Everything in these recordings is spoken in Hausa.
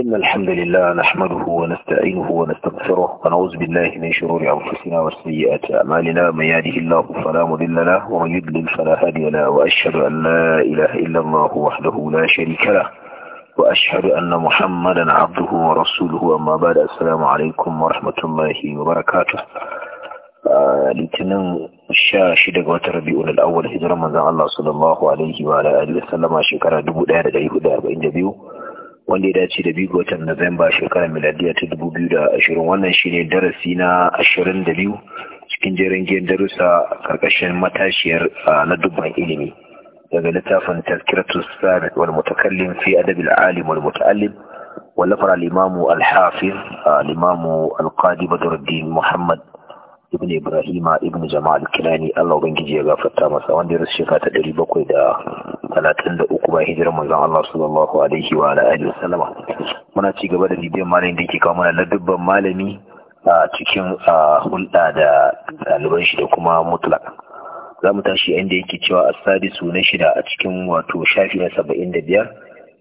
إن الحمد لله نحمده ونستعينه ونستغفره ونعوذ بالله من شرور أنفسنا وسيئات أعمالنا من يهده الله فلا مضل له ومن يضلل فلا هادي له وأشهد أن لا إله إلا الله وحده لا شريك له وأشهد أن محمدا عبده ورسوله أما بعد السلام عليكم ورحمة الله وبركاته litinin sha shida ga watan rabi'ul al'awwal hijirar manzon Allah sallallahu alaihi wa alihi wa sallama shekara 1442 wanda ya dace da biyu watan Nuwamba shekarar miladiya ta dubu biyu da ashirin wannan shine darasi na ashirin da biyu cikin jerin giyan darussa karkashin matashiyar na dubban ilimi daga littafin tazkiratus sabit wal mutakallim fi adabil alim wal muta'allim wallafar al-imamu al-hafiz al-imamu al-qadi muhammad ibn ibrahima ibn jama'a al-kilani Allah ubangiji ya gafarta masa wanda ya rasu shekara ta bakwai da talatin da uku bayan hijirar manzon Allah sallallahu alaihi wa alihi wasallama muna ci gaba da bibiyar malamin da ke kawo mana na dubban malami a cikin hulɗa da ɗaliban shi da kuma mutlak za mu tashi inda yake cewa asadisu na shida a cikin wato shafi na saba'in da biyar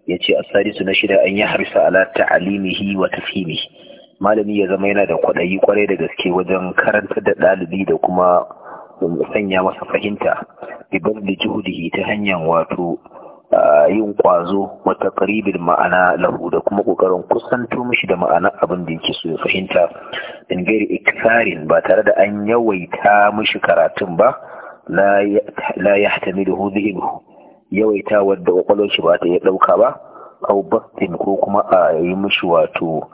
ya ce asadisu na shida an yi harsa ala ta'alimihi wa tafhimihi malami ya zama yana da kwaɗayi kwarai da gaske wajen karantar da ɗalibi da kuma mu sanya masa fahimta bibar da juhudihi ta hanyar wato ah, yin kwazo wata karibin ma'ana lahu da kuma kokarin kusanto mishi da ma'ana abin da yake so ya fahimta in gari iktarin ba tare da an yawaita mishi karatun ba la da hudu yawaita wadda kwakwalwar shi ba ta iya dauka ba au baktin ko kuma a yi mishi wato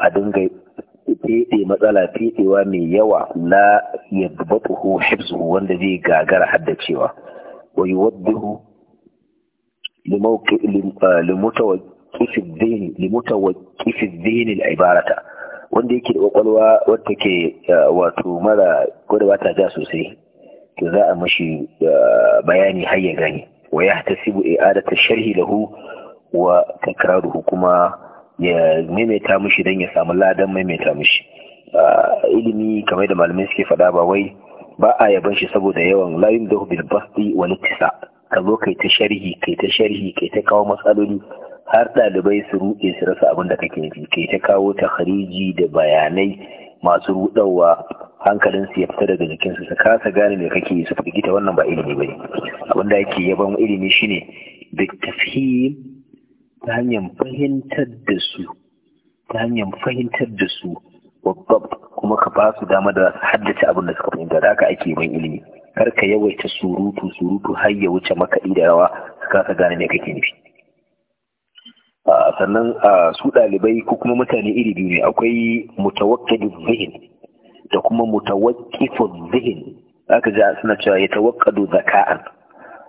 a dinga fiɗe matsala fiɗewa mai yawa la yadbatuhu hifzuhu wanda zai gagara haddacewa wa yuwaddihu limuta wa kifin al-ibarata wanda yake da kwakwalwa wadda ke ah, wato mara gwada ja sosai to za a mashi ah, bayani har ya gani wa yahtasibu adata sharhi lahu wa takraruhu kuma ya maimaita mishi don ya samu ladan maimaita mishi. ilimi kamar da malamai suke faɗa ba wai ba a yaban shi saboda yawan layin da hubin basti wani tisa ka zo kai ta sharhi kai ta sharhi kai ta kawo matsaloli har ɗalibai su ruɗe su rasa abin da kake nufi kai ta kawo ta da bayanai masu ruɗawa hankalin su ya fita daga jikinsu su kasa gane me kake su firgita wannan ba ilimi bane abin da yake yaban ilimi shine da tafhim ta hanyar fahimtar da su ta kuma ka ba su dama da haddace abin da suka fahimta da haka ake ban ilimi kar ka yawaita surutu surutu har ya wuce makaɗi da rawa su kasa gane me kake nufi sannan su ɗalibai ko kuma mutane iri biyu ne akwai mutawakkilin zihin da kuma mutawakkifu zihin ka ji suna cewa ya tawakkadu zaka'an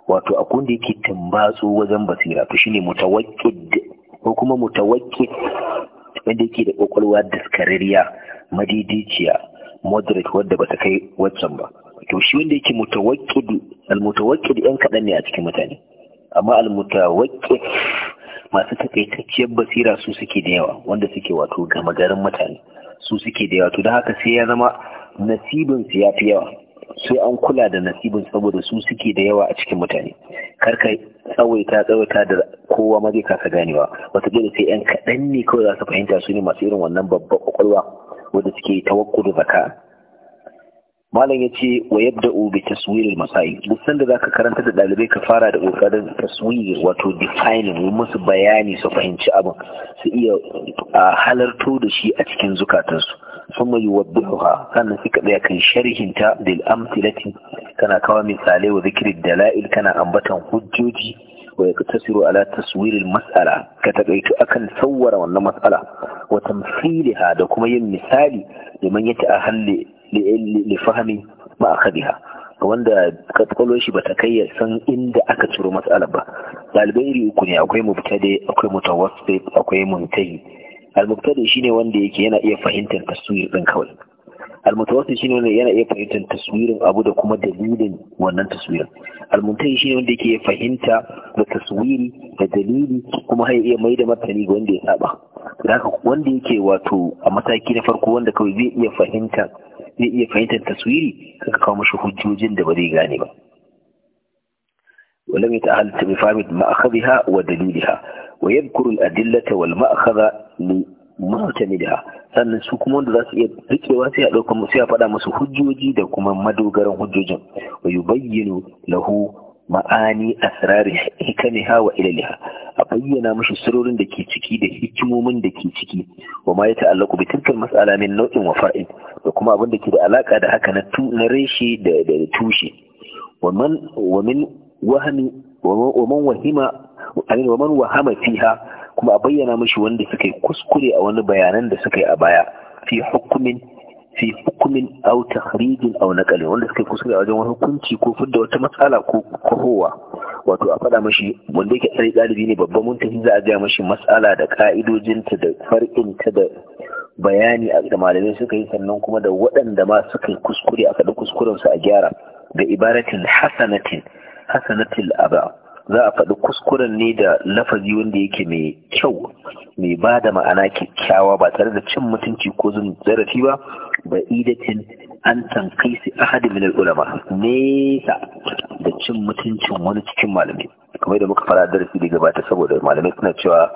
wato a kunda yake tumbatsu wajen basira to shine mutawakkid ko kuma mutawakkid wanda yake da kwakwalwa daskararriya madidiciya moderate wadda bata kai waccan ba to shi wanda yake mutawakkid almutawakkid yan kaɗan ne a cikin mutane amma almutawakkid masu takaitacciyar basira su suke da yawa wanda suke wato gama garin mutane su suke da yawa to don haka sai ya zama su ya fi yawa sai an kula da nasibin saboda su suke da yawa a cikin mutane karka tsawaita tsawaita da kowa ma zai kasa ganewa wataƙila sai yan kaɗan ne kawai za su fahimta su ne masu irin wannan babban ƙwaƙwalwa wanda suke tawakkulu zaka malam ya ce wa yadda bi taswiril masai duk sanda ka karanta da ɗalibai ka fara da ƙoƙarin taswir wato defining yi musu bayani su fahimci abin su iya halarto da shi a cikin zukatansu sun mai wadduha sannan sai kaɗaya kan sharhinta da al'amtilatin kana kawo misalai wa zikirin, dala'il kana ambatan hujjoji wa ya tasiru ala taswirin mas'ala? ka taƙaito akan sawwara wannan matsala wa tamfiliha da kuma yin misali da man a halli lifahami ma aka biha wanda ka shi ba ta kai ya san inda aka ciro matsalar ba ɗalibai iri uku ne akwai mubtadi akwai mutawassit akwai muntahi al-mubtadi shine wanda yana iya fahimtar taswir din kawai al-mutawassit shine wanda yana iya fahimtar taswirin abu da kuma dalilin wannan taswirin al-muntahi shine wanda yake fahimta da taswiri da dalili kuma har iya mai da ga wanda ya saba haka wanda yake wato a mataki na farko wanda kawai zai iya fahimtar taswiri kaka kawo mashi hujjojin da ba zai gane ba ولم يتعلق بفهم مأخذها ودليلها ويذكر الأدلة والمأخذ li da sannan su kuma wanda za su iya rikewa sai a ɗauka sai a faɗa masu hujjoji da kuma madogaran hujjojin wa bayyano lahu ma'ani asrari hikamiha wa ilaliha a bayyana mashi sirorin da ke ciki da hikimomin da ke ciki wa ma ya ta'allaku bi tilkal min nau'in wa far'in da kuma abin da ke da alaka da haka na reshe da tushe wa man wa wahami wa wa man wahama fiha kuma a bayyana mashi wanda suka yi kuskure a wani bayanan da suka yi a baya fi hukumin fi hukumin aw takhrijin aw naqalin wanda suka yi kuskure a wajen hukunci ko fidda wata matsala ko kohowa wato a faɗa mashi wanda yake tsari ɗalibi ne babban muntahi za a gaya mashi matsala da ka'idojinta da ta da bayani a da malamai suka yi sannan kuma da waɗanda ma suka yi kuskure a faɗi kuskurensu a gyara da ibaratin hasanatin hasanatil aba za a faɗi kuskuren ne da lafazi wanda yake mai kyau mai ba da ma'ana kyakkyawa ba tare da cin mutunci ko zan zarafi ba ba idatin an tankai su ahadi min ulama nesa da cin mutuncin wani cikin malami? kamar da muka fara darasi da gabata saboda malamai suna cewa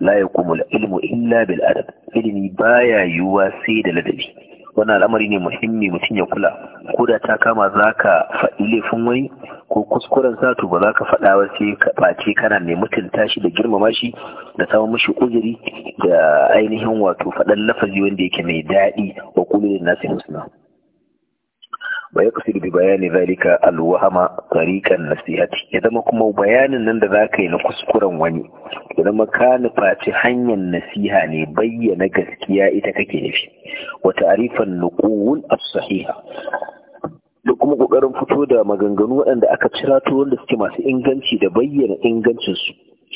la yaqumul ilmu illa bil adab ilimi baya yiwuwa sai da ladabi wannan al'amari ne muhimmi mutum ya kula ko da ta kama zaka faɗi laifin wani ko kuskuren sa to ba za ka faɗa ba sai ka ɓace kana ne mutunta shi da girmama shi da samun mashi uzuri da ainihin wato faɗan lafazi wanda yake mai daɗi wa kullu nasi husna ya yaqsidu bi bayani zalika alwahama tariqan nasihati ya zama kuma bayanin nan da zaka yi na kuskuren wani ya zama ka nufaci hanyar nasiha ne bayyana gaskiya ita kake nufi wa ta'rifan nuqul as-sahiha da kuma kokarin fito da maganganu waɗanda aka cirato wanda suke masu inganci da bayyana ingancinsu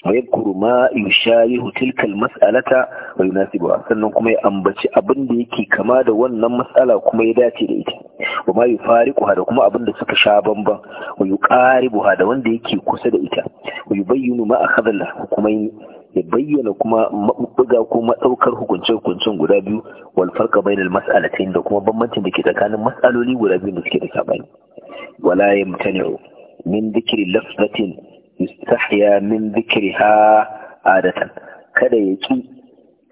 wa yadkuru ma yushayihu tilka mas'alata? wa yunasibuha sannan kuma ya ambaci abin da yake kama da wannan mas'ala kuma ya dace da ita wa ma yufariquha da kuma abin da suka sha bamban wa yuqaribuha da wanda yake kusa da ita wa yubayyinu ma akhadha kuma ya bayyana kuma mabubbuga ko matsaukar hukunce-hukuncen guda biyu wal farqa bainal mas'alatain da kuma bambancin da ke tsakanin mas'aloli guda biyu da suke da sabani wala yamtani'u min dhikri lafzatin yustahya min dhikriha adatan kada ya ki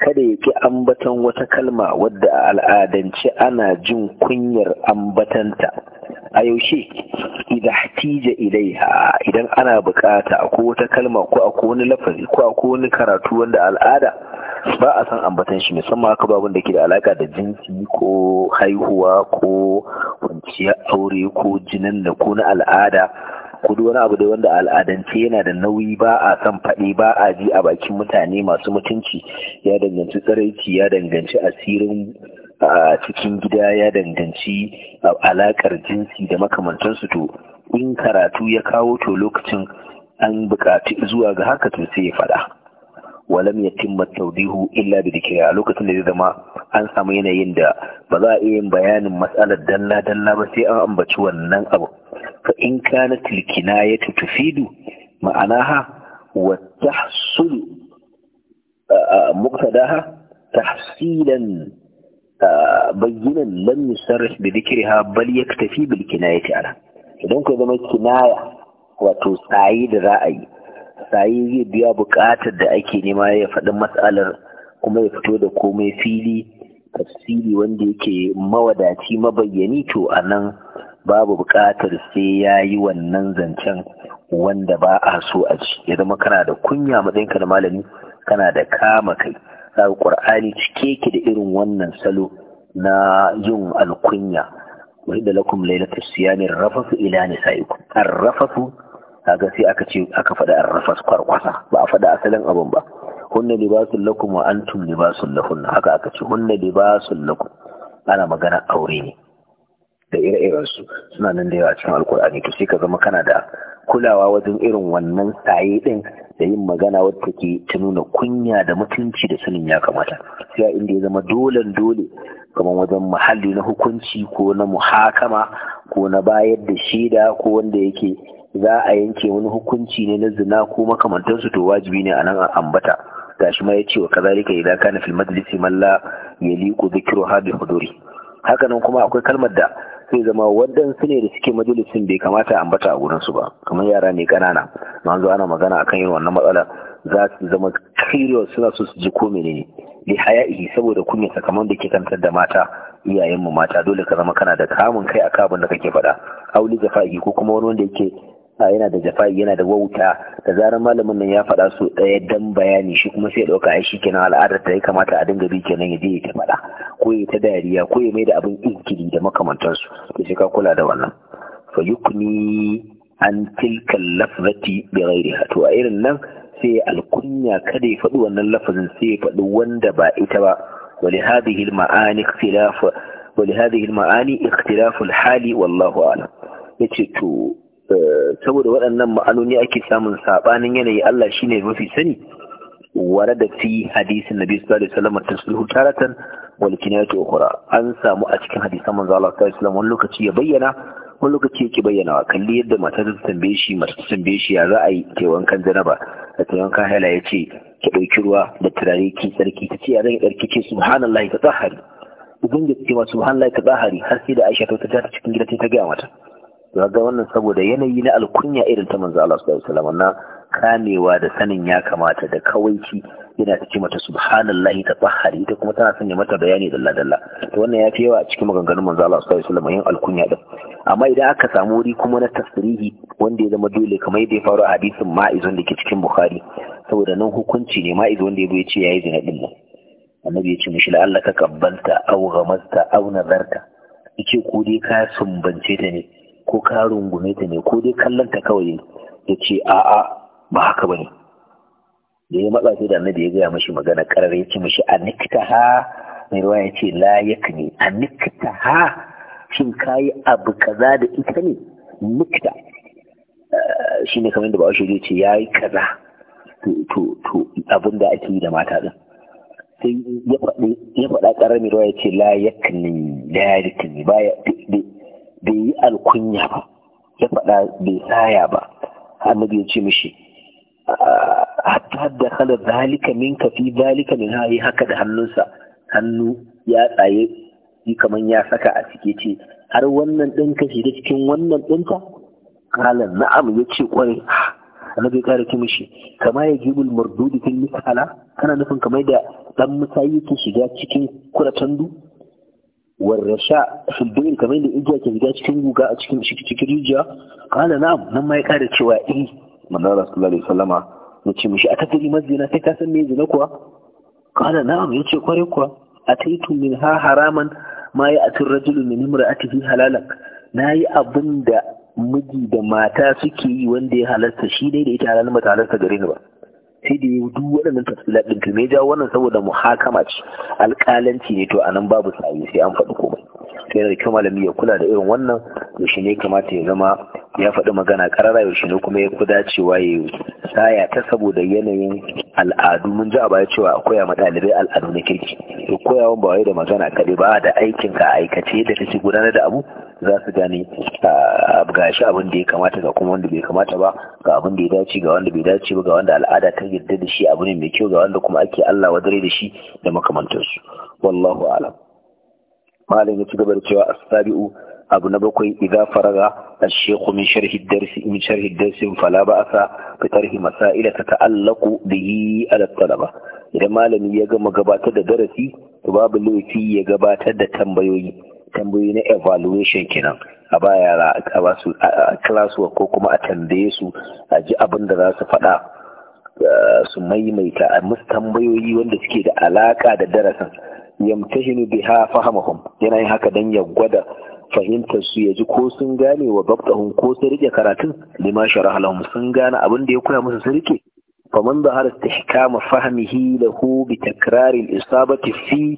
kada ya ki ambaton wata kalma wadda a al'adance ana jin kunyar ambatanta a yaushe idan hatija ilaiha idan ana bukata ko wata kalma ko a wani lafazi ko a wani karatu wanda al'ada ba a san ambatan shi musamman haka babun da ke da alaka da jinsi ko haihuwa ko kwanciyar aure ko jinan da ko na al'ada ko duk wani abu da wanda al'adance yana da nauyi ba a san faɗi ba a ji a bakin mutane masu mutunci ya danganci tsaraici ya danganci asirin a cikin gida ya danganci alakar jinsi da makamantansu to in karatu ya kawo to lokacin an buƙaci zuwa ga haka to sai ya faɗa walam ya timma taudihu illa bi dikira lokacin da zai zama an samu yanayin da ba za a iya yin bayanin matsalar dalla dalla ba sai an ambaci wannan abu fa in kana tilkina ya tufidu ha wa tahsul muqtadaha tahsilan bayyinan lam yusarrih bi dhikriha bal yaktafi bil kinayati ala idan ko zama kinaya wato tsayi da ra'ayi tsayi zai biya buƙatar da ake nema ya faɗi matsalar kuma ya fito da komai fili tafsiri wanda yake mawadaci mabayyani to anan babu buƙatar sai ya yi wannan zancen wanda ba a so a ci ya zama kana da kunya matsayinka da malami kana da kama kai alƙur'ani cike ki da irin wannan salo na yin alkunya wahida lakum lailatul siyami rafasu ila nisaikum arrafasu kaga sai aka ce aka faɗa arrafas kwarkwasa ba a faɗa asalin abun ba hunna libasul lakum wa antum libasul lahun haka aka ce hunna libasul lakum ana magana aure ne da ire-iren su suna nan da yawa cikin alkur'ani to sai ka zama kana da kulawa wajen irin wannan saye din da yin magana wadda ke ta nuna kunya da mutunci da sanin ya kamata ya inda ya zama dole dole kamar wajen muhalli na hukunci ko na muhakama ko na bayar da shaida ko wanda yake za a yanke wani hukunci ne na zina ko makamantansu to wajibi ne a nan a ambata gashi ma ya ce wa kazalika idan kana fil majlisi man la yaliqu dhikruha bi huduri haka nan kuma akwai kalmar da sai zama waɗansu ne da suke majalisin bai kamata a ambata a gurinsu ba kamar yara ne ƙanana na zuwa ana magana akan yin wannan matsala za su zama curious suna so su ji ko menene li haya'i saboda kunya sakamakon da ke kantar da mata iyayen mata dole ka zama kana da kamun kai a kabin da kake faɗa auli jafa'i ko kuma wani wanda yake yana da jafa'i yana da wauta da zarar malamin nan ya faɗa su ɗaya dan bayani shi kuma sai a ɗauka ai shikenan al'adar Ta ya kamata a dinga bi kenan ya je ya ta faɗa ko ya ta dariya ko ya mai da abin inkiri da makamantansu to sai ka kula da wannan fa yukni an tilka lafzati bi ghairiha to a irin nan sai alkunya kada ya faɗi wannan lafazin sai ya faɗi wanda ba ita ba wali hadhihi al-ma'ani ikhtilaf wali hadhihi al-ma'ani ikhtilaf al-hali wallahu a'lam yace to saboda waɗannan ma'anoni ake samun saɓanin yanayi Allah shine mafi sani ware da fi hadisin nabi sallallahu alaihi an samu a cikin hadisan manzo Allah sallallahu alaihi wasallam wani lokaci ya bayyana bayyana kalli yadda matar ta tambaye shi ta tambaye shi ya za a yi ke wankan janaba da ta wankan haila ya ce ki ɗauki ruwa da turare ki tsarki ta ce ya zan yi tsarki ce subhanallah ta tsahari ubangiji ce ma subhanallah ta tsahari har sai da aisha ta wata ta cikin gida ta gaya mata to ga wannan saboda yanayi na alkunya irin ta manzo Allah sallallahu alaihi wasallam na kamewa da sanin ya kamata da kawaici yana cikin mata subhanallahi ta tsahari ta kuma tana sanya mata bayani da dalla to wannan ya fi yawa a cikin maganganun manzo Allah sallallahu alaihi wasallam yin alkunya din amma idan aka samu wuri kuma na tasrihi wanda ya zama dole kamar yadda ya faru a hadisin ma'izun da ke cikin bukhari saboda nan hukunci ne ma'izu wanda ya zo ya ce yayi zina din nan annabi ya ce mishi la'allaka kabbalta aw ghamasta aw nazarta yace ko dai ka sumbance ta ne ko ka rungume ta ne ko dai kallon ta kawai ya ce a'a ba haka ba ne. da ya matsa sai da annabi ya gaya mashi magana karar ya ce mashi anikta ha mai ruwa ya ce la yakni anikta ha shin kayi abu kaza da ita ne nikta eh, shi ne kamar da bawashi zai ce ya yi kaza to abin da ake yi da mata din sai ya faɗa ƙarar mai ruwa ya ce la yakni la yakni baya bai yi alkunya ba ya faɗa bai tsaya ba annabi ya ce mishi ah, hatta da kala zalika min kafi zalika min ha yi haka da hannunsa hannu ya tsaye yi kamar ya saka a cike ce har wannan ɗin ka shiga cikin wannan ɗinka kala na'am ya ce kwarai annabi ya kare ki mishi kama ya jibul mardudi fil misala kana nufin kamar da ɗan musayi ke shiga cikin kuratandu warrasha bin kamar yadda igiya ke shiga cikin guga a cikin cikin rijiya kala na'am nan ma ya kada cewa eh manzo rasulullahi sallallahu alaihi wasallama ya ce mishi atadri mazina sai ka san me zina kuwa kala na'am ya ce kware kuwa ataitu min ha haraman ma ya atir rajulun min imra'atihi halalan nayi abin da miji da mata suke yi wanda ya halarta shi dai da ita halalin mata halarta gare ni ba sai da ya duk waɗannan tafsilat ɗin to ja wannan saboda muhakama ce alƙalanci ne to a nan babu sayi sai an faɗi komai sai da kyau malami ya kula da irin wannan yaushe ne kamata ya zama ya faɗi magana ƙarara yaushe ne kuma ya kudacewa cewa ya saya ta saboda yanayin al'adu mun ji a baya cewa akwai ma ɗalibai al'adu na kirki to koyawan ba wai da magana kaɗai ba da aikinka aikace da kake gudanar da abu za su gane ga shi abin da ya kamata ga kuma wanda bai kamata ba ga abin da ya dace ga wanda bai dace ba ga wanda al'ada ta yarda da shi abu ne mai kyau ga wanda kuma ake Allah wadare da shi da makamantarsu. wallahu alam malam ya ci gaba da cewa as-sabi'u abu na bakwai idan faraga الشيخ من شرح الدرس من شرح الدرس فلا بأس بطرح مسائل تتعلق به على الطلبة idan malami ya gama gabatar da darasi to babu laifi ya gabatar da tambayoyi Tambayi na evaluation kenan a ba yara a ba su classwork ko kuma a tambaye su a ji abin da za su faɗa su maimaita a musu tambayoyi wanda suke da alaka da darasin yamtahinu biha fahamahum yana yin haka dan ya gwada fahimtar su ya ji ko sun gane wa babtahun ko sun rike karatun lima shara sun gane abin da ya koya musu sun rike faman da har istihkama fahmihi lahu bi isa ba isabati fi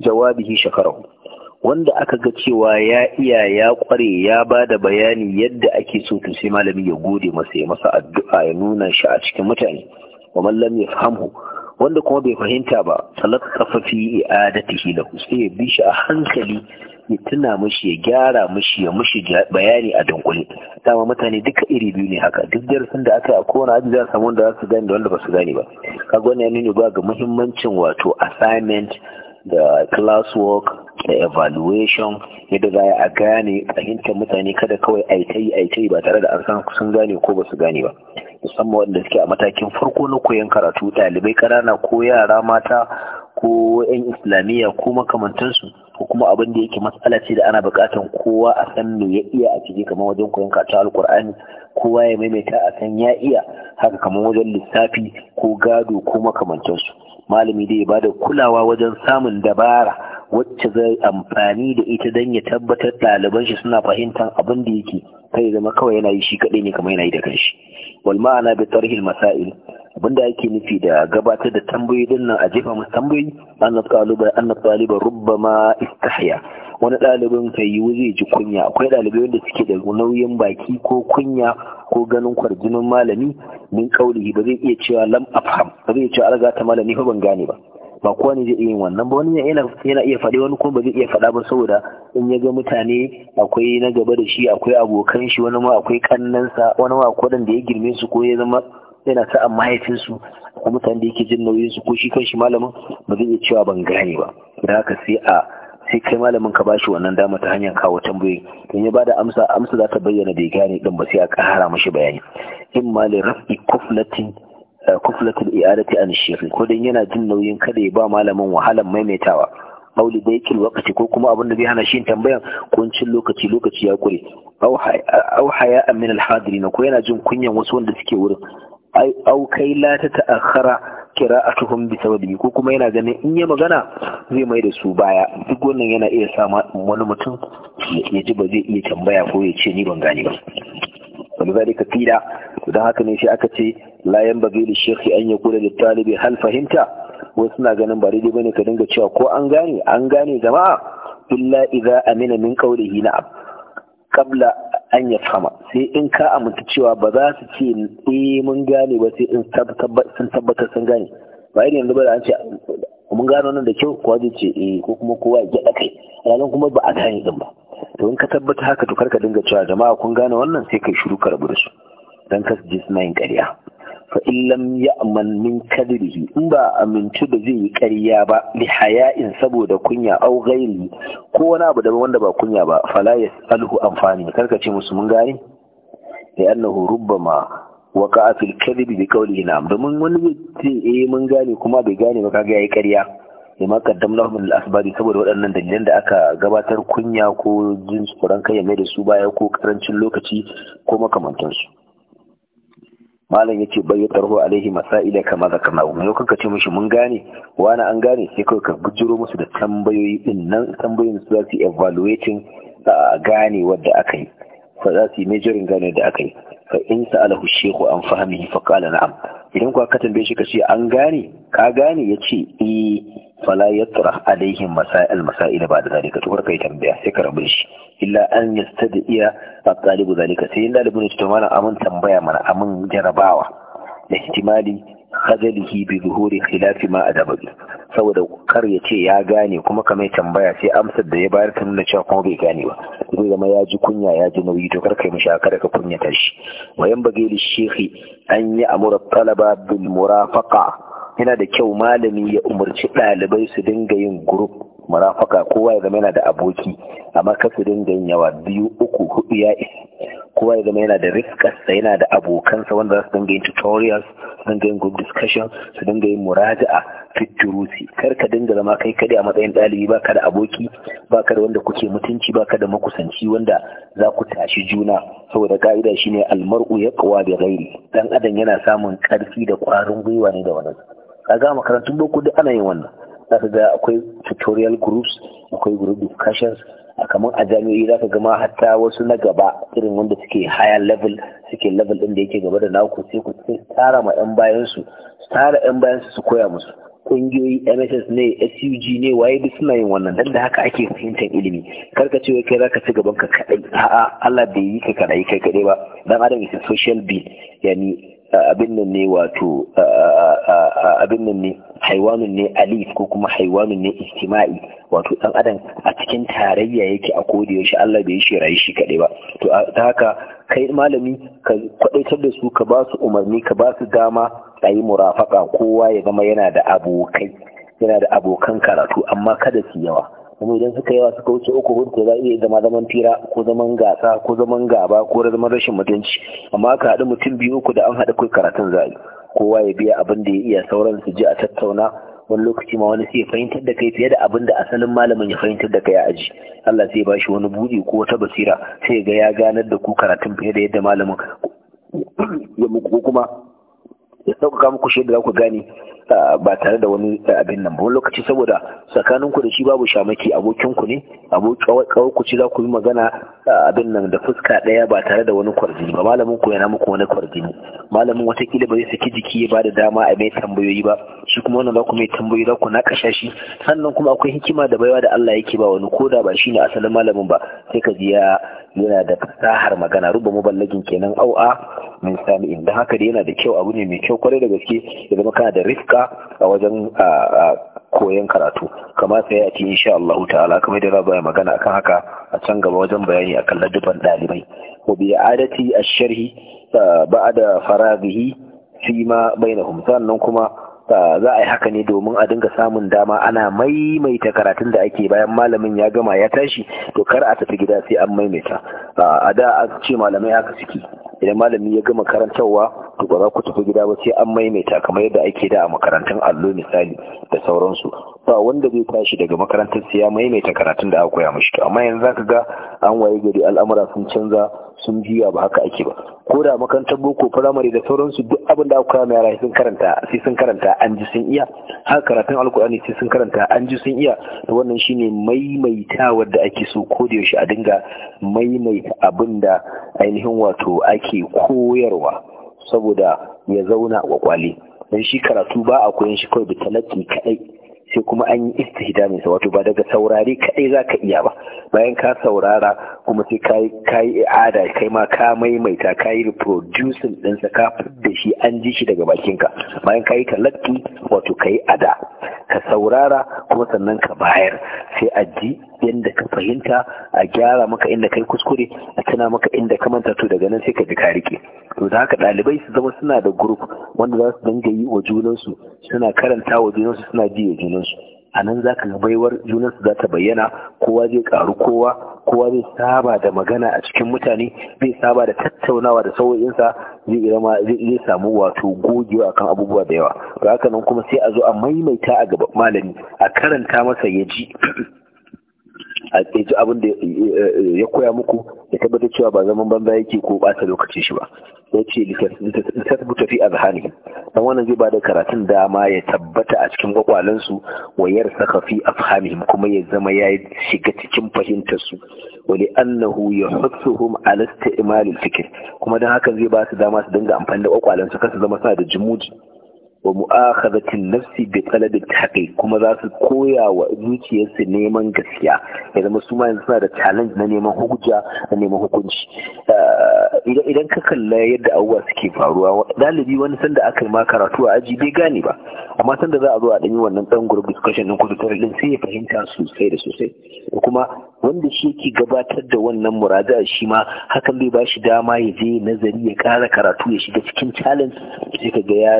jawabihi wanda aka ga cewa ya iya ya kware ya ba da bayani yadda ake so to sai malami ya gode masa ya masa addu'a ya nuna shi a cikin mutane wa mallam ya fahimu wanda kuma bai fahimta ba talaqqa fi i'adatihi da sai ya bi shi a hankali ya tuna mishi ya gyara mishi ya mishi bayani a dunkule dama mutane duka iri biyu ne haka duk darasin da aka yi a kowane aji za a samu wanda za su gane da wanda ba su gane ba kaga wani ya nuna ba ga muhimmancin wato assignment da classwork da evaluation yadda za a gane fahimtar mutane kada kawai aitai aitai ba tare da an san sun gane ko ba su gane ba musamman wanda suke a matakin farko na koyon karatu ɗalibai ƙanana ko yara mata ko 'yan islamiyya ko makamantansu ko kuma abin da yake matsala ce da ana buƙatar kowa a san me ya iya a ciki kamar wajen koyon karatu alkur'ani kowa ya maimaita a san ya iya haka kamar wajen lissafi ko gado ko makamantansu malami dai ya da kulawa wajen samun dabara wacce zai amfani da ita don ya tabbatar ɗaliban shi suna fahimtar abin da yake kai zama kawai yana yi shi kaɗai ne kamar yana yi da kanshi wal ma'ana bi tarhil masail abinda ake nufi da gabatar da tambayoyi din nan a jefa musu tambayoyi anna taliban anna taliban rubbama istahya wani ɗalibin kai yiwu zai ji kunya akwai ɗalibai wanda suke da nauyin baki ko kunya ko ganin kwarjinin malami min kaulihi ba zai iya cewa lam afham ba zai iya cewa alga ta malami fa ban gane ba ba kowa ne zai iya yin wannan ba wani yana iya faɗi wani kuma ba zai iya faɗa ba saboda in ya ga mutane akwai na gaba da shi akwai abokan shi wani ma akwai kannansa wani ma akwai wanda ya girme su ko ya zama yana sa'an mahaifinsu akwai mutane da yake jin nauyin su ko shi kan shi malamin ba zai iya cewa ban gane ba da haka sai a sai kai malamin ka bashi wannan dama ta hanyar kawo tambayoyi in ya bada amsa amsa za ta bayyana bai gane din ba sai a ƙara mashi bayani in ma li raf'i kuflatin kuflatul i'adati an shaykh ko dan yana jin nauyin kada ya ba malamin wahalan maimaitawa aw da yake lokaci ko kuma abin da bai hana shi tambayan kuncin lokaci lokaci ya kure au haya min al hadirin ko yana jin kunyan wasu wanda suke wurin au kai la ta ta'akhara qira'atuhum bi sababi ko kuma yana ganin in ya magana zai mai da su baya duk wannan yana iya sa wani mutum ya ji ba zai iya tambaya ko ya ce ni ban gani ba ka ولذلك قيل haka ne shi aka ce la yanbaghi li shaykhi an yaqula da talibi hal fahimta wasu suna ganin ba daidai bane ka dinga cewa ko an gane an gane jama'a illa idza amina min qawlihi na'am kabla an fama sai in ka aminta cewa ba za su ce eh mun gane ba sai in sun tabbatar sun gane ba yanzu ba da an ce mun gano nan da kyau ko zai ce eh ko kuma kowa ya gyaɗa kai ranar kuma ba a gane din ba to in ka tabbata haka to karka dinga cewa jama'a kun gane wannan sai kai shiru ka rabu da su dan kas ji suna yin ƙarya fa in lam ya'man min kadrihi in ba aminci da zai yi ƙarya ba li haya'in saboda kunya au ghairi ko wani abu daban wanda ba kunya ba fala yasalhu amfani karka ce musu mun gane annahu rubbama waqa'a fil kadhibi bi qawlihi na'am domin wani zai ce eh mun gane kuma bai gane ba kaga yayi ƙarya lima kaddamna min al-akhbari saboda waɗannan dalilan da aka gabatar kunya ko jin tsoron kai mai da su baya ko karancin lokaci ko makamantansu malam yace bai tarho alaihi masaila kama da kama mun kuka ce mishi mun gane wani an gane sai kawai ka gujiro musu da tambayoyi din nan tambayoyin su za su evaluating gane wadda aka yi fa za su yi gane da aka yi fa in sa'alahu shehu an fahimi fa kala na'am idan kuwa ka tambaye shi ka ce an gane ka gane yace eh fala yatra alaihim masail masail ba da zalika to kai tambaya sai ka rabu shi illa an yastadiya fa talibu zalika sai dalibin ya to mana amun tambaya mana amun jarabawa da ihtimali khazalihi bi zuhuri khilaf ma adaba saboda kar ya ce ya gane kuma ka tambaya sai amsar da ya bayar ta nuna cewa kuma bai gane ba zai zama ya ji kunya ya ji nauyi to kar kai mishi haka da ka kunyata shi wayan bageli shehi an yi amura talaba bil murafaqa yana da kyau malami ya umarci ɗalibai su dinga yin grup murafaka kowa ya zama yana da aboki amma ka su dinga yin yawa biyu uku hudu ya isi kowa ya zama yana da da yana da abokansa wanda za su dinga yin tutorials su dinga yin group discussion su dinga yin muraja'a fitturusi kar ka dinga zama kai kadai a matsayin ɗalibi baka da aboki baka da wanda kuke mutunci baka da makusanci wanda za ku tashi juna saboda ka'ida shine almar'u yaqwa da gairi dan adam yana samun karfi da kwarin gwiwa ne da wani kaga makarantun boko duk ana yin wannan za ka ga akwai tutorial groups akwai group discussions a kamar a jami'o'i za ka gama hatta wasu na gaba irin wanda suke higher level suke level din da yake gaba da naku sai ku tsara ma yan bayan su tsara yan bayan su su koya musu kungiyoyi MSS ne SUG ne waye duk suna yin wannan dan da haka ake fahimtar ilimi kar ka ce wai kai zaka ci gaban ka kadai a'a Allah bai yi ka kadai kai kadai ba dan adam is social being yani abin nan ne wato abin nan ne haiwanun ne alif ko kuma haiwanun ne istima'i wato dan adam a cikin tarayya yake a koda yaushe Allah bai shi rayi shi kadai ba to ta haka kai malami ka kwadaitar da su ka ba su umarni ka ba su dama a yi murafaka kowa ya zama yana da abokai yana da abokan karatu amma kada su yawa kuma idan suka yawa suka wuce uku hudu za iya zama zaman fira ko zaman gasa ko zaman gaba ko zaman rashin mutunci amma ka haɗu mutum biyu uku da an haɗa kai karatun za kowa ya biya abin da ya iya sauran su ji a tattauna wani lokaci ma wani sai fahimtar da kai fiye da abin da asalin malamin ya fahimtar da kai a aji Allah sai ba shi wani buɗe ko wata basira sai ga ya ganar da ku karatun fiye da yadda malamin ya muku kuma ya sauƙaƙa muku shi da za ku gane ba tare da wani abin nan ba wani lokaci saboda tsakanin ku da shi babu shamaki abokin ku ne abokin ku ci za ku yi magana abin nan da fuska daya ba tare da wani kwarjini ba malamin ku yana muku wani kwarjini malamin watakila ba zai saki jiki ya bada dama a mai tambayoyi ba shi kuma wannan za ku mai tambayoyi za ku nakasha shi sannan kuma akwai hikima da baiwa da Allah yake ba wani koda ba shine asalin malamin ba sai ka ji ya yana da fasahar magana ruba muballagin kenan au'a min sami'in dan haka dai yana da kyau abu ne mai kyau kwarai da gaske ya zama kana da rifka haɓaka a wajen koyon karatu kamar sai a cikin insha Allah ta'ala kamar da rabu magana akan haka a can gaba wajen bayani akan ladduban ɗalibai ko bi adati a sharhi ba'ada farabihi fi ma bainahum sannan kuma za a yi haka ne domin a dinga samun dama ana maimaita karatun da ake bayan malamin ya gama ya tashi to kar a tafi gida sai an maimaita a da a ce malamai haka suke idan malami ya gama karantarwa to ba za ku tafi gida ba sai an maimaita kamar yadda ake da a makarantun allo misali da sauransu ba wanda zai tashi daga makarantar sai ya maimaita karatun da aka koya to amma yanzu zaka ga an waye gari al'amura sun canza sun juya ba haka ake ba ko da makarantar boko firamare da sauransu duk abin da aka koya yara sun karanta sai sun karanta an ji sun iya Har karatun alkur'ani sai sun karanta an ji sun iya to wannan shine maimaitawa da ake so ko da yaushe a dinga maimaita abin da ainihin wato ake koyarwa saboda ya zauna kwakwale dan shi karatu ba a koyan shi kawai da talaki kadai sai kuma an yi istihdamin sa wato ba daga saurare za ka iya ba bayan ka saurara kuma sai ka yi i'ada kai ma ka maimaita ka reproducing din sa ka da shi an ji shi daga bakin ka bayan kai wato wato yi ada ka saurara kuma sannan ka bayar sai a ji yadda ka fahimta a gyara maka inda kai kuskure a tana maka inda ka manta to daga nan sai ka ji ka rike to da haka ɗalibai su zama suna da group wanda za su dinga yi wa junansu suna karanta wa junansu suna ji wa junansu su a nan za ka ga baiwar junansu za ta bayyana kowa zai karu kowa kowa zai saba da magana a cikin mutane zai saba da tattaunawa da sau'insa zai samu wato gogewa akan abubuwa da yawa to haka nan kuma sai a zo a maimaita a gaba malami a karanta masa yaji. a tsaye abin da eh, ya koya muku ya tabbatar cewa ba zaman banza yake ko ta lokacin shi ba ya ce butafi fi azhani dan wannan zai bada karatun dama ya tabbata a cikin kwakwalensu wa saka fi afhamihim kuma ya zama ya shiga cikin fahimtar su wali annahu yahuthuhum ala isti'mal fikr kuma dan haka zai ba su dama su dinga amfani da kwakwalensu kar su zama suna da jimuji wa mu'akhadhatin nafsi bi al-haqi kuma za su koya wa zuciyarsu neman gaskiya ya zama su ma yanzu suna da challenge na neman hujja na neman hukunci eh, idan ka kalla yadda abubuwa suke faruwa dalibi wani sanda aka yi ma karatu a aji bai gane ba amma sanda za a zo a danyi wannan dan group discussion din kudu din sai ya fahimta sosai da sosai kuma wanda shi ke gabatar da wannan muraja shi ma hakan bai bashi dama ya je nazari ya ƙara karatu ya shiga cikin challenge sai ka ga ya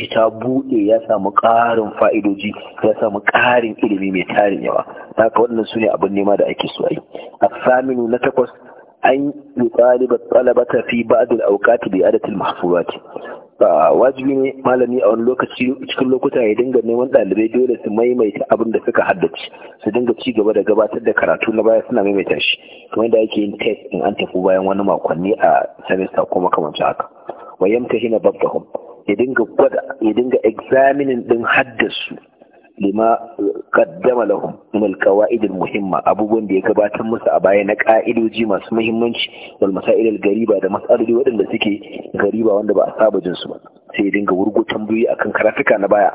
shi ta buɗe ya samu ƙarin fa'idoji ya samu ƙarin ilimi mai tarin yawa haka wannan su ne abin nema da ake so a yi na takwas an yi ɗalibar ɗalabata fi ba'adul auqati bi adatil mahfuzati wajibi ne malami a wani lokaci cikin lokuta ya dinga neman ɗalibai dole su maimaita abin da suka haddace su dinga ci gaba da gabatar da karatu na baya suna maimaita shi kamar da ake yin test in an tafi bayan wani makonni a semester ko makamancin haka wa hina babdahum ya dinga gwada ya dinga examining din haddasu lima kaddama lahum min alqawaid muhimma abubuwan da ya gabatar musu a baya na ka'idoji masu muhimmanci wal masail Gariba da mas'aloli waɗanda suke gariba wanda ba a saba jin su ba sai dinga wurgo tambayoyi akan karatuka na baya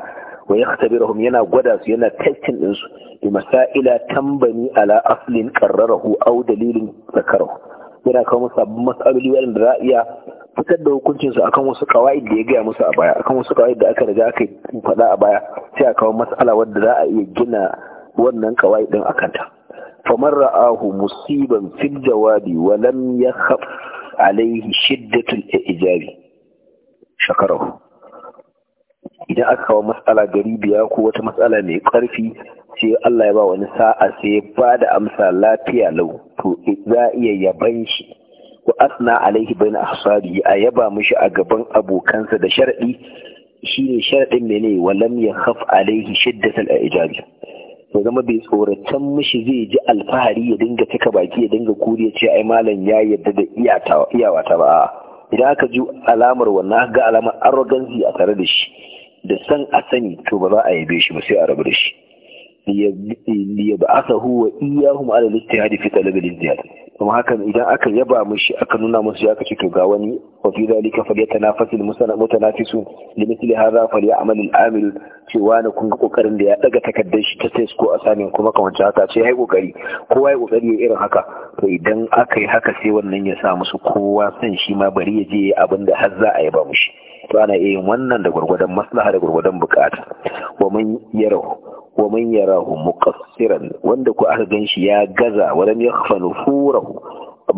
wa yakhtabirahum yana gwada su yana testing din su bi masaila tambani ala aslin qarrarahu aw dalilin zakarahu yana kawo masa abin matsaloli waɗanda za a iya fitar da hukuncinsu akan wasu kawai da ya gaya musu a baya akan wasu kawai da aka riga aka faɗa a baya sai a kawo matsala wadda za a iya gina wannan kawai ɗin a kanta famar ra'ahu musiban fil jawabi wa lam yakhaf alaihi shiddatul ijabi shakarahu idan aka kawo matsala ribiya ko wata matsala mai ƙarfi sai Allah ya ba wani sa'a sai ya ba da amsa lafiya lau to za a iya yaban shi wa asna alaihi bain ahsabi a yaba mishi a gaban abokansa da sharadi shine sharadin mene wa lam yakhaf alaihi shiddatul ijabi to zama bai tsoratan mishi zai ji alfahari ya dinga cika baki ya dinga kuri ya ce ai malam ya yarda da iyawa ta ba idan aka ji alamar wannan ga alamar arrogancy a tare da shi da san a sani to ba za a yabe shi ba sai a rabu da shi liyab'athahu huwa iyyahum ala al-ijtihad fi talab al-ijtihad kuma hakan idan aka yaba mishi aka nuna musu ya kace to ga wani wa fi dalika falyatanafasu mutanafisu limithli hadha falyamal al-amil cewa na kun ga kokarin da ya daga takardar shi ta test ko assignment kuma kamar haka ce yayi kokari kowa ya kokari irin haka to idan aka yi haka sai wannan ya sa musu kowa san shi ma bari ya je abinda har za a yaba mishi to ana iya yin wannan da gurgurdan maslaha da gurgurdan bukata wa man yarahu wa man yarahu muqassiran wanda ku aka ganshi ya gaza wa lam yakhfa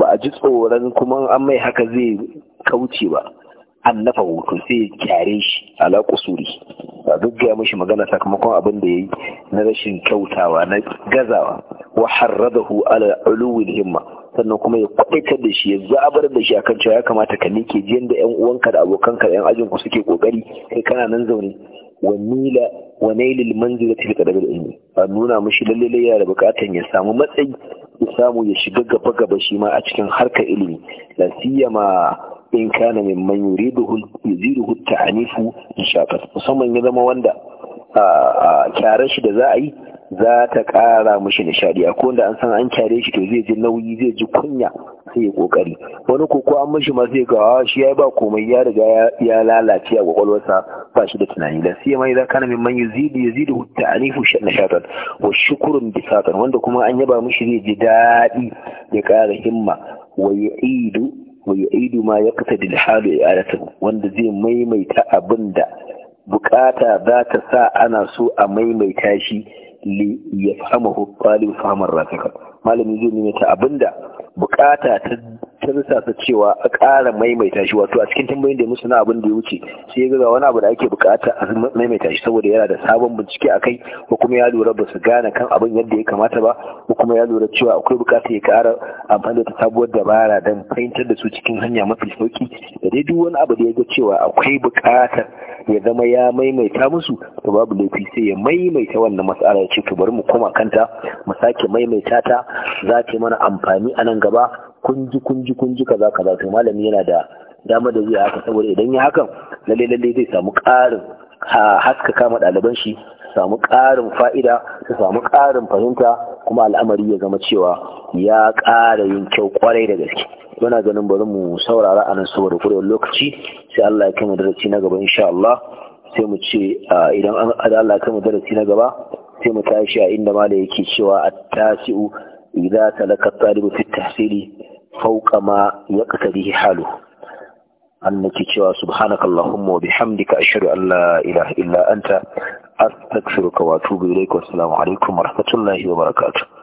ba a ji tsoron kuma an mai haka zai kauce ba annafa to sai kyare shi ala kusuri ba duk ga mishi magana sakamakon abin da yayi na rashin kyautawa na gazawa wa harradahu ala uluwil himma sannan kuma ya kwaitar da shi ya zabar da shi akan cewa ya kamata ka nike jiyan da yan uwanka da abokanka da yan ajin ku suke kokari kai kana nan zaune wa nila wa nailil manzila til qadar ilmi a nuna mishi lalle yana da bukatan ya samu matsayi ya samu ya shiga gaba gaba shi ma a cikin harkar ilimi la siyama in kana man yuriduhu yuziruhu ta'anifu inshaqa musamman ya zama wanda a kyaran shi da za a yi za ta ƙara mushi nishaɗi, a kowanda an san an kyare shi to zai ji nauyi zai ji kunya sai ya ƙoƙari. wani ko ko an mishi ma sai ga ah, shi ya ba komai ya riga ya lalace a kwakwalwarsa ba shi da tunani da sai mai za kana min a yuzidu yuzidu ta'anifu nashatan wa da bisatan wanda kuma an yaba mishi zai ji daɗi ya ƙara himma wa ya wa ma ma ya kasa halu i'adatuhu wanda zai maimaita abin da bukata za ta sa ana so a maimaita shi li ya fahamahu talib fahmar rafika malami zai nuna ta abinda bukata ta ta ta cewa a ƙara maimaita shi wato a cikin tambayin da musu na abin da ya wuce sai ga wani abu da ake bukata a maimaita shi saboda yana da sabon bincike a kai ko kuma ya lura ba su gane kan abin yadda ya kamata ba ko kuma ya lura cewa akwai bukata ya ƙara amfani da sabuwar dabara don fahimtar da su cikin hanya mafi sauki da dai duk wani abu da ya ga cewa akwai bukatar ya zama ya maimaita musu to babu laifi sai ya maimaita wannan matsala ya ce to bari mu koma kanta mu sake maimaita ta za ta mana amfani a nan gaba kunji kunji kunji kaza kaza to malami yana da dama da zai haka saboda idan ya hakan lalle lalle zai samu ƙarin haska kama ɗaliban shi samu ƙarin fa'ida su samu ƙarin fahimta kuma al'amari ya zama cewa ya ƙara yin kyau kwarai da gaske muna ganin bari mu saurara a nan saboda kurewar lokaci sai Allah ya kai darasi na gaba insha Allah sai mu ce idan Allah ya darasi na gaba sai mu tashi a inda ma yake cewa at-tasi'u idza talaka at-talib fi at-tahsil ma ma yaqtadihi halu annaki cewa subhanaka allahumma wa bihamdika ashhadu an la ilaha illa anta astaghfiruka wa atubu ilayk wa assalamu alaikum wa rahmatullahi wa barakatuh